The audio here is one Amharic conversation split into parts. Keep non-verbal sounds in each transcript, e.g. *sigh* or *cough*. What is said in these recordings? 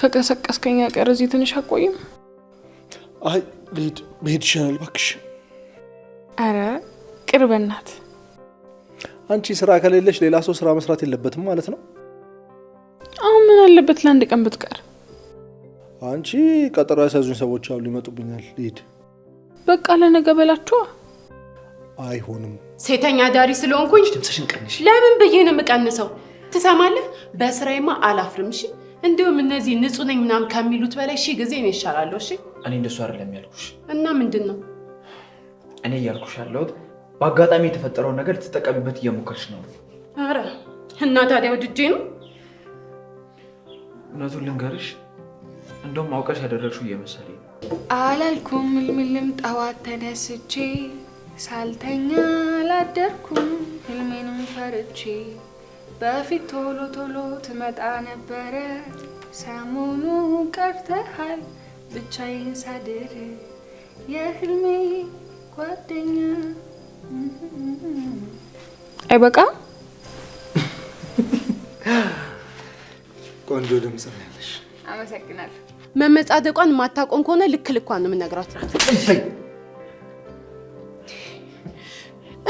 ከቀሰቀስከኛ ቀር እዚህ ትንሽ አቆይም። አይ ልሂድ፣ መሄድ ይሻላል እባክሽ። አረ ቅርበናት። አንቺ ስራ ከሌለሽ ሌላ ሰው ስራ መስራት የለበትም ማለት ነው። አሁን ምን አለበት ለአንድ ቀን ብትቀር? አንቺ ቀጠሮ ያሳዙኝ ሰዎች አሉ፣ ይመጡብኛል። ልሂድ በቃ። ለነገ በላችኋ። አይሆንም። ሴተኛ ዳሪ ስለሆንኩኝ ድምፅሽን ቀንሽ። ለምን ብዬ ነው የምቀንሰው? ትሰማለህ? በስራዬማ አላፍርምሽ እንዲሁም እነዚህ ንጹህ ነኝ ምናምን ከሚሉት በላይ ሺህ ጊዜ እኔ እሻላለሁ። እሺ እኔ እንደሱ አይደለም ያልኩሽ። እና ምንድን ነው እኔ እያልኩሽ ያለሁት? በአጋጣሚ የተፈጠረውን ነገር ልትጠቀሚበት እየሞከርሽ ነው። ኧረ እና ታዲያ ወድጄ ነው? እውነቱን ልንገርሽ፣ እንደውም አውቀሽ ያደረግሽው እየመሰለኝ ነው። አላልኩም ምልምልም ጠዋት ተነስቼ ሳልተኛ አላደርኩም ህልሜንም ፈርቼ በፊት ቶሎ ቶሎ ትመጣ ነበረ። ሰሞኑ ቀርተሃል ብቻዬን ሳድር የህልሜ ጓደኛ አይበቃ ቆንጆ ድምጽ ነው ያለሽ። አመሰግናለሁ። መመጻደቋን ማታቆም ከሆነ ልክ ልኳን ነው የምነግራት።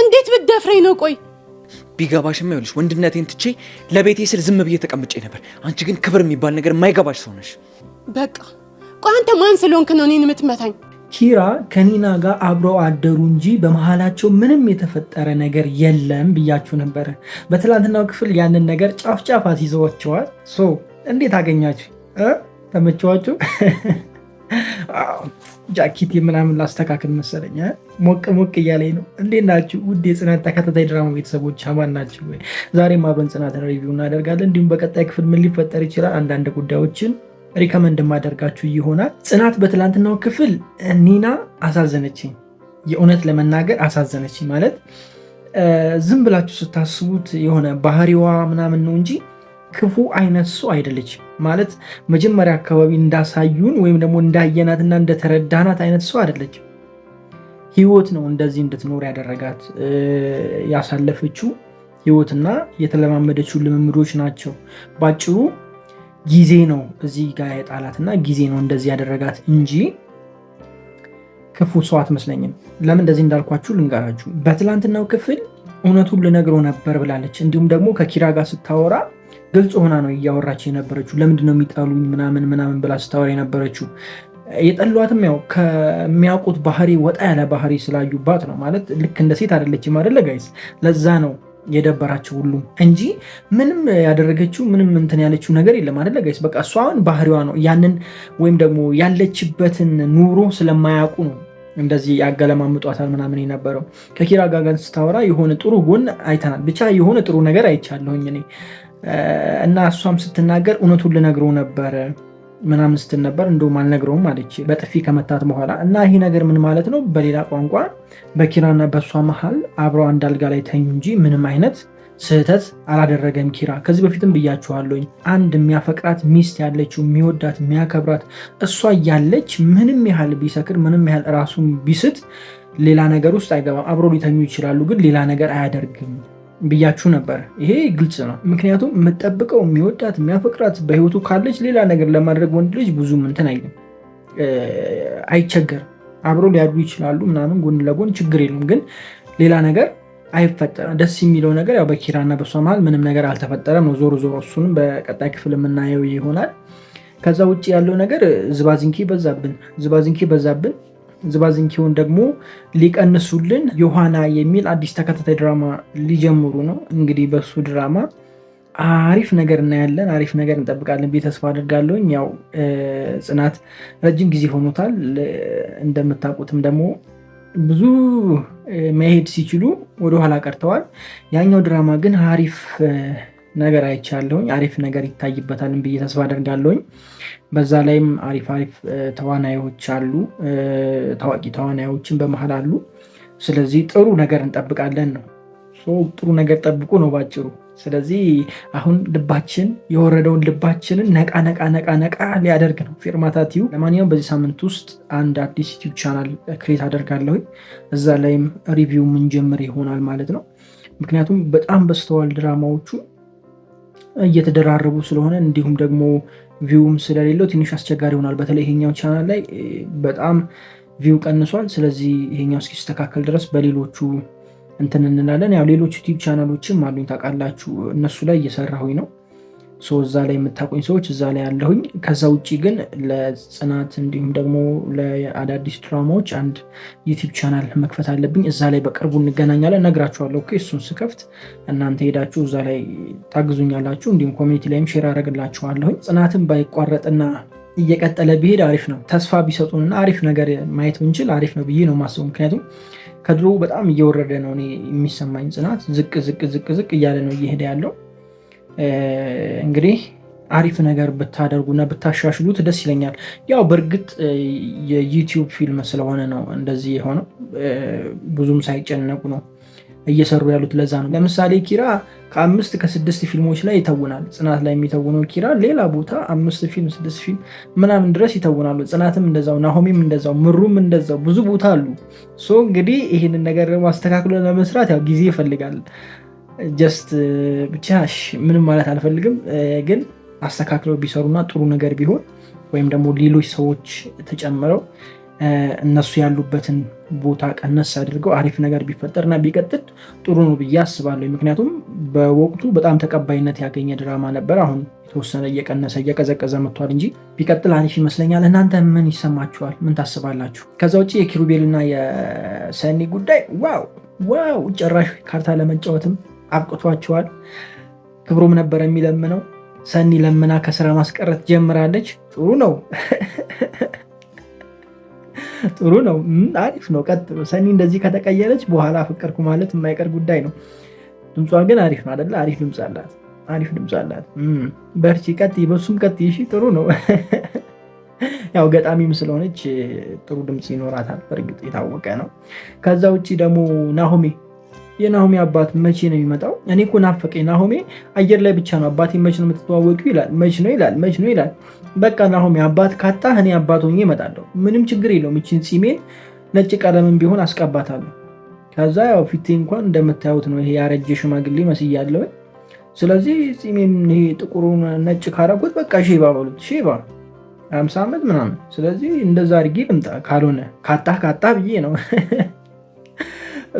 እንዴት ብትደፍረኝ ነው? ቆይ ቢገባሽም ይኸውልሽ ወንድነቴን ትቼ ለቤቴ ስል ዝም ብዬ ተቀምጬ ነበር። አንቺ ግን ክብር የሚባል ነገር የማይገባሽ ሰው ነሽ። በቃ ቆይ አንተ ማን ስለሆንክ ነው እኔን የምትመታኝ? ኪራ ከኒና ጋር አብረው አደሩ እንጂ በመሀላቸው ምንም የተፈጠረ ነገር የለም ብያችሁ ነበረ። በትላንትናው ክፍል ያንን ነገር ጫፍ ጫፍ አስይዘዋቸዋል። ሶ እንዴት አገኛችሁ? ተመቸዋችሁ? ጃኬት ምናምን ላስተካክል መሰለኝ። ሞቅ ሞቅ እያለኝ ነው። እንዴት ናችሁ ውድ የጽናት ተከታታይ ድራማ ቤተሰቦች አማን ናችሁ ወይ? ዛሬም አብረን ጽናትን ሪቪው እናደርጋለን። እንዲሁም በቀጣይ ክፍል ምን ሊፈጠር ይችላል አንዳንድ ጉዳዮችን ሪከመንድ የማደርጋችሁ ይሆናል። ጽናት በትላንትናው ክፍል ኒና አሳዘነችኝ። የእውነት ለመናገር አሳዘነችኝ ማለት ዝም ብላችሁ ስታስቡት የሆነ ባህሪዋ ምናምን ነው እንጂ ክፉ አይነት ሰው አይደለች ማለት መጀመሪያ አካባቢ እንዳሳዩን ወይም ደግሞ እንዳየናትና እንደተረዳናት አይነት ሰው አይደለች። ህይወት ነው እንደዚህ እንድትኖር ያደረጋት። ያሳለፈችው ህይወትና የተለማመደችው ልምምዶች ናቸው። ባጭሩ ጊዜ ነው እዚህ ጋር የጣላትና ጊዜ ነው እንደዚህ ያደረጋት እንጂ ክፉ ሰው አትመስለኝም። ለምን እንደዚህ እንዳልኳችሁ ልንገራችሁ። በትላንትናው ክፍል እውነቱን ልነግረው ነበር ብላለች። እንዲሁም ደግሞ ከኪራ ጋር ስታወራ ግልጽ ሆና ነው እያወራች የነበረችው። ለምንድን ነው የሚጠሉኝ ምናምን ምናምን ብላ ስታወር የነበረችው። የጠሏትም ያው ከሚያውቁት ባህሪ ወጣ ያለ ባህሪ ስላዩባት ነው። ማለት ልክ እንደ ሴት አይደለችም አይደለ ጋይስ? ለዛ ነው የደበራቸው ሁሉም እንጂ ምንም ያደረገችው ምንም እንትን ያለችው ነገር የለም አይደለ ጋይስ? በቃ እሷን ባህሪዋ ነው ያንን ወይም ደግሞ ያለችበትን ኑሮ ስለማያውቁ ነው እንደዚህ ያገለማምጧታል ምናምን የነበረው። ከኪራ ጋር ስታወራ የሆነ ጥሩ ጎን አይተናል። ብቻ የሆነ ጥሩ ነገር አይቻለሁኝ እኔ እና እሷም ስትናገር እውነቱን ልነግረው ነበረ ምናምን ስትል ነበር። እንደውም አልነግረውም አለች በጥፊ ከመታት በኋላ። እና ይህ ነገር ምን ማለት ነው? በሌላ ቋንቋ በኪራና በእሷ መሀል አብረው አንድ አልጋ ላይ ተኙ እንጂ ምንም አይነት ስህተት አላደረገም። ኪራ ከዚህ በፊትም ብያችኋለኝ። አንድ የሚያፈቅራት ሚስት ያለችው የሚወዳት የሚያከብራት እሷ እያለች ምንም ያህል ቢሰክር ምንም ያህል ራሱን ቢስት ሌላ ነገር ውስጥ አይገባም። አብረው ሊተኙ ይችላሉ፣ ግን ሌላ ነገር አያደርግም። ብያችሁ ነበር። ይሄ ግልጽ ነው። ምክንያቱም የምጠብቀው የሚወዳት የሚያፈቅራት በህይወቱ ካለች ሌላ ነገር ለማድረግ ወንድ ልጅ ብዙም እንትን አይልም፣ አይቸገርም። አብሮ ሊያድሩ ይችላሉ ምናምን ጎን ለጎን ችግር የለም። ግን ሌላ ነገር አይፈጠርም። ደስ የሚለው ነገር ያው በኪራና በሷ መሀል ምንም ነገር አልተፈጠረም ነው። ዞሮ ዞሮ እሱንም በቀጣይ ክፍል የምናየው ይሆናል። ከዛ ውጭ ያለው ነገር ዝባዝንኪ በዛብን፣ ዝባዝንኪ በዛብን ዝባዝንኪውን ደግሞ ሊቀንሱልን ዮሐና የሚል አዲስ ተከታታይ ድራማ ሊጀምሩ ነው። እንግዲህ በሱ ድራማ አሪፍ ነገር እናያለን፣ አሪፍ ነገር እንጠብቃለን ብዬ ተስፋ አድርጋለሁኝ። ያው ጽናት ረጅም ጊዜ ሆኖታል። እንደምታውቁትም ደግሞ ብዙ መሄድ ሲችሉ ወደኋላ ቀርተዋል። ያኛው ድራማ ግን አሪፍ ነገር አይቻለሁኝ። አሪፍ ነገር ይታይበታል ብዬ ተስፋ አደርጋለሁኝ። በዛ ላይም አሪፍ አሪፍ ተዋናዮች አሉ፣ ታዋቂ ተዋናዮችን በመሀል አሉ። ስለዚህ ጥሩ ነገር እንጠብቃለን ነው። ጥሩ ነገር ጠብቁ ነው ባጭሩ። ስለዚህ አሁን ልባችን የወረደውን ልባችንን ነቃ ነቃ ነቃ ነቃ ሊያደርግ ነው ፌርማታ ለማንኛውም በዚህ ሳምንት ውስጥ አንድ አዲስ ዩቲዩብ ቻናል ክሬት አደርጋለሁ። እዛ ላይም ሪቪው ምንጀምር ይሆናል ማለት ነው። ምክንያቱም በጣም በስተዋል ድራማዎቹ እየተደራረቡ ስለሆነ እንዲሁም ደግሞ ቪውም ስለሌለው ትንሽ አስቸጋሪ ይሆናል። በተለይ ይሄኛው ቻናል ላይ በጣም ቪው ቀንሷል። ስለዚህ ይሄኛው እስኪስተካከል ድረስ በሌሎቹ እንትን እንላለን። ያው ሌሎች ዩቲዩብ ቻናሎችም አሉኝ ታውቃላችሁ፣ እነሱ ላይ እየሰራሁኝ ነው። እዛ ላይ የምታቆኝ ሰዎች እዛ ላይ ያለሁኝ። ከዛ ውጭ ግን ለጽናት እንዲሁም ደግሞ ለአዳዲስ ድራማዎች አንድ ዩቲብ ቻናል መክፈት አለብኝ። እዛ ላይ በቅርቡ እንገናኛለን፣ እነግራችኋለሁ። እሱን ስከፍት እናንተ ሄዳችሁ እዛ ላይ ታግዙኛላችሁ። እንዲሁም ኮሚኒቲ ላይም ሼር አደረግላችኋለሁኝ። ጽናትን ባይቋረጥና እየቀጠለ ቢሄድ አሪፍ ነው። ተስፋ ቢሰጡንና አሪፍ ነገር ማየት ብንችል አሪፍ ነው ብዬ ነው ማስቡ። ምክንያቱም ከድሮ በጣም እየወረደ ነው እኔ የሚሰማኝ። ጽናት ዝቅ ዝቅ ዝቅ ዝቅ እያለ ነው እየሄደ ያለው እንግዲህ አሪፍ ነገር ብታደርጉና ብታሻሽሉት ደስ ይለኛል። ያው በእርግጥ የዩቲዩብ ፊልም ስለሆነ ነው እንደዚህ የሆነው። ብዙም ሳይጨነቁ ነው እየሰሩ ያሉት። ለዛ ነው ለምሳሌ ኪራ ከአምስት ከስድስት ፊልሞች ላይ ይተውናል። ጽናት ላይ የሚተውነው ኪራ ሌላ ቦታ አምስት ፊልም ስድስት ፊልም ምናምን ድረስ ይተውናሉ። ጽናትም እንደዛው፣ ናሆሚም እንደዛው፣ ምሩም እንደዛው ብዙ ቦታ አሉ። ሶ እንግዲህ ይህንን ነገር ደግሞ አስተካክሎ ለመስራት ያው ጊዜ ይፈልጋል። ጀስት uh, ብቻ ምንም ማለት አልፈልግም፣ uh, ግን አስተካክለው ቢሰሩና ጥሩ ነገር ቢሆን ወይም ደግሞ ሌሎች ሰዎች ተጨምረው uh, እነሱ ያሉበትን ቦታ ቀነስ አድርገው አሪፍ ነገር ቢፈጠርና ቢቀጥል ጥሩ ነው ብዬ አስባለሁ። ምክንያቱም በወቅቱ በጣም ተቀባይነት ያገኘ ድራማ ነበር። አሁን የተወሰነ እየቀነሰ እየቀዘቀዘ መጥቷል እንጂ ቢቀጥል አሪፍ ይመስለኛል። እናንተ ምን ይሰማችኋል? ምን ታስባላችሁ? ከዛ ውጭ የኪሩቤልና የሰኒ ጉዳይ ዋው ዋው! ጭራሽ ካርታ ለመጫወትም አብቅቷቸዋል። ክብሩም ነበር የሚለምነው። ሰኒ ለምና ከስራ ማስቀረት ጀምራለች። ጥሩ ነው፣ *laughs* ጥሩ ነው፣ አሪፍ ነው። ቀጥሎ ሰኒ እንደዚህ ከተቀየረች በኋላ አፈቀርኩ ማለት የማይቀር ጉዳይ ነው። ድምጿ ግን አሪፍ ነው አይደለ? አሪፍ ድምፅ አላት፣ አሪፍ ድምፅ አላት። በርቺ፣ ቀጥይ፣ በሱም ቀጥይ። እሺ፣ ጥሩ ነው። *laughs* ያው ገጣሚም ስለሆነች ጥሩ ድምፅ ይኖራታል። በእርግጥ የታወቀ ነው። ከዛ ውጭ ደግሞ ናሆሜ የናሆሜ አባት መቼ ነው የሚመጣው? እኔ እኮ ናፈቀኝ። ናሆሜ አየር ላይ ብቻ ነው አባቴ መች ነው የምትተዋወቂው ይላል። መች ነው ይላል። መች ነው ይላል። በቃ ናሆሜ አባት ካጣህ እኔ አባት ሆኜ እመጣለሁ። ምንም ችግር የለውም። ይችን ፂሜን ነጭ ቀለምን ቢሆን አስቀባታለሁ። ከዛ ያው ፊቴ እንኳን እንደምታዩት ነው። ይሄ ያረጀ ሽማግሌ መስያለሁ። ስለዚህ ፂሜን ይሄ ጥቁሩን ነጭ ካረኩት በቃ ሼባ በሉት ሼባ አምሳ ዓመት ምናምን። ስለዚህ እንደዛ አድርጌ ልምጣ። ካልሆነ ካጣህ ካጣህ ብዬ ነው *laughs*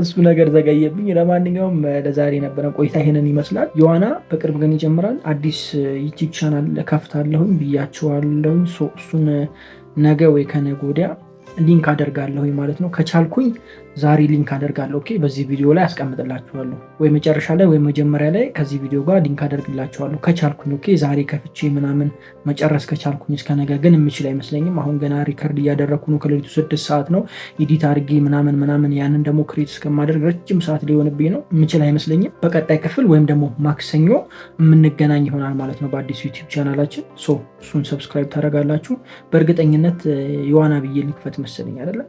እሱ ነገር ዘገየብኝ። ለማንኛውም ለዛሬ ነበረ ቆይታ ይሄንን ይመስላል። ዮዋና በቅርብ ግን ይጀምራል። አዲስ ዩቲዩብ ቻናል ከፍታለሁኝ ብያችኋለሁ። እሱን ነገ ወይ ከነገ ወዲያ ሊንክ አደርጋለሁኝ ማለት ነው ከቻልኩኝ ዛሬ ሊንክ አደርጋለሁ። ኦኬ በዚህ ቪዲዮ ላይ አስቀምጥላችኋለሁ ወይ መጨረሻ ላይ ወይ መጀመሪያ ላይ ከዚህ ቪዲዮ ጋር ሊንክ አደርግላችኋለሁ ከቻልኩኝ። ኦኬ ዛሬ ከፍቼ ምናምን መጨረስ ከቻልኩኝ እስከ ነገ ግን የምችል አይመስለኝም። አሁን ገና ሪከርድ እያደረግኩ ነው። ከሌሊቱ ስድስት ሰዓት ነው ኢዲት አድርጌ ምናምን ምናምን ያንን ደግሞ ክሬት እስከማደርግ ረጅም ሰዓት ሊሆንብኝ ነው። የምችል አይመስለኝም። በቀጣይ ክፍል ወይም ደግሞ ማክሰኞ የምንገናኝ ይሆናል ማለት ነው በአዲሱ ዩቲዩብ ቻናላችን። ሶ እሱን ሰብስክራይብ ታደርጋላችሁ። በእርግጠኝነት የዋና ብዬ ልክፈት መሰለኝ አይደለም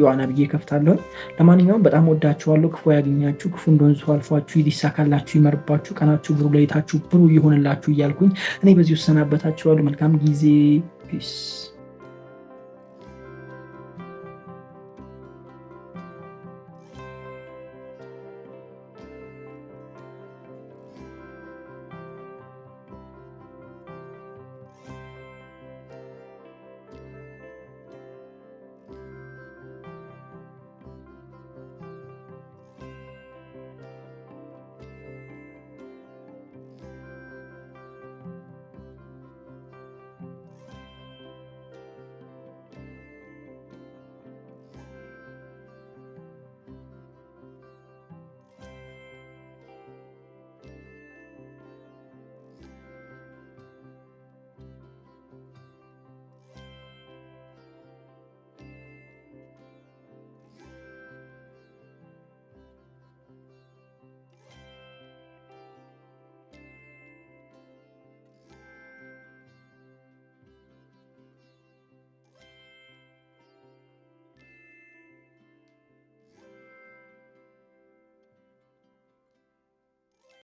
ዮሐና ብዬ ከፍታለሁ። ለማንኛውም በጣም ወዳችኋለሁ። ክፉ ያገኛችሁ፣ ክፉ እንደወንዙ አልፏችሁ፣ ይሳካላችሁ፣ ይመርባችሁ፣ ቀናችሁ ብሩ፣ ለይታችሁ ብሩ ይሆንላችሁ እያልኩኝ እኔ በዚህ ውሰናበታችኋለሁ። መልካም ጊዜ ፒስ